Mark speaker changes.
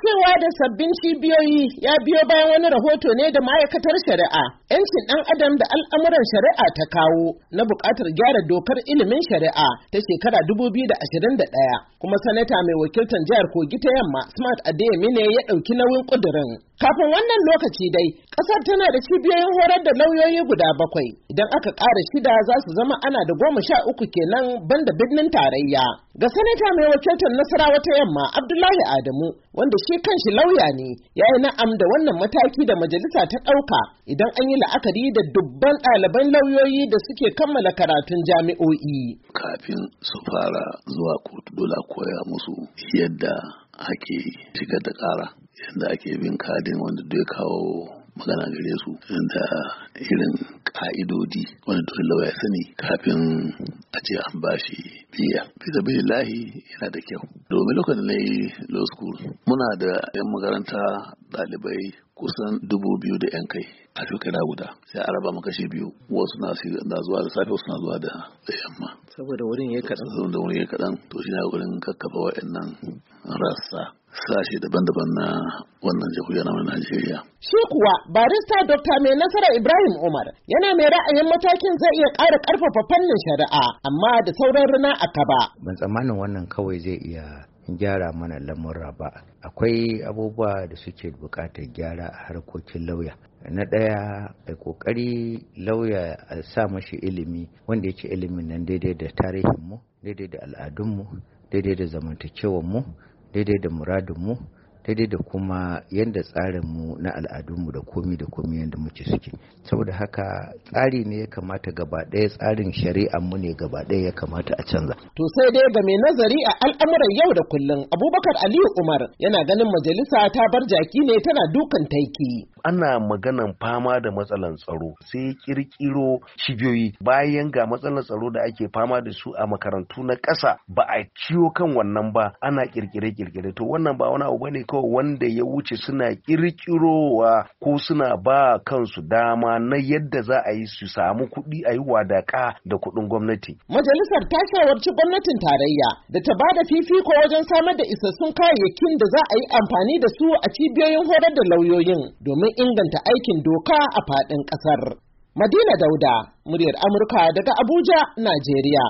Speaker 1: cewa da sabbin cibiyoyi ya biyo bayan wani rahoto ne da ma'aikatar shari'a, 'yancin ɗan adam da al'amuran shari'a ta kawo na buƙatar gyara dokar ilimin shari'a ta shekara dubu biyu da da ɗaya, kuma sanata mai wakiltar jihar Kogi ta yamma Smart Adeyemi ne ya ɗauki nauyin ƙudurin. Kafin wannan lokaci dai, ƙasar tana da cibiyoyin horar da lauyoyi guda bakwai, idan aka ƙara shida za su zama ana da goma sha uku kenan banda birnin tarayya. Ga sanata mai wakiltar Nasarawa ta yamma Abdullahi Adamu, wanda shi kanshi lauya ne, ya yi na'am da wannan mataki da majalisa ta ɗauka idan an yi la'akari da dubban ɗaliban lauyoyi da suke kammala karatun jami'o'i.
Speaker 2: Kafin su fara zuwa kotu dole koya musu yadda ake shigar da ƙara yadda ake bin kadin wanda duk kawo magana gare su da irin ka'idodi wani dole lauya ya sani kafin a ce an bashi biya bisa lahi yana da kyau domin lokacin na yi law school muna da 'yan makaranta ɗalibai kusan dubu biyu da 'yan kai a shekara guda sai a raba makashi biyu wasu na zuwa da safe wasu na zuwa da yamma saboda wurin ya kaɗan saboda wurin ya kaɗan to shi na wurin kakkafa wa'annan rassa sashe daban-daban na wannan jihohiyar na Najeriya.
Speaker 1: Shi kuwa barista Dr. Mai Nasara Ibrahim Umar yana mai ra'ayin matakin zai iya ƙara ƙarfafa fannin shari'a amma da sauran rana a kaba.
Speaker 3: Ban tsammanin wannan kawai zai iya gyara mana lamurra ba. Akwai abubuwa da suke buƙatar gyara a harkokin lauya. na ɗaya a ƙoƙari lauya a sa mashi ilimi wanda yake ilimin nan daidai da tarihinmu daidai da al'adunmu daidai da zamantakewanmu daidai da muradinmu daidai da kuma yadda tsarinmu na al'adunmu da komi da komi yadda muke suke saboda haka tsari ne ya kamata gaba ɗaya tsarin shari'a mu ne gaba ɗaya ya kamata a canza.
Speaker 1: To sai dai ga mai nazari a al'amuran yau da kullum Abubakar Aliyu Umar yana ganin majalisa ta bar jaki ne tana dukan taiki. Ana maganan fama
Speaker 4: da matsalan tsaro sai kirkiro cibiyoyi bayan ga matsalan tsaro da ake fama da su a makarantu na ƙasa ba a ciwo kan wannan ba ana kirkire-kirkire to wannan ba wani abu bane kawai wanda ya wuce suna kirkirowa ko suna ba kansu dama na yadda za a yi su samu kuɗi a yi wadaka da kuɗin gwamnati. Majalisar
Speaker 1: ta shawarci gwamnatin tarayya da ta ba da fifiko wajen samar da isassun kayayyakin da za a yi amfani da su a cibiyoyin horar da lauyoyin domin inganta aikin doka a faɗin ƙasar. Madina Dauda, muryar Amurka daga Abuja, Najeriya.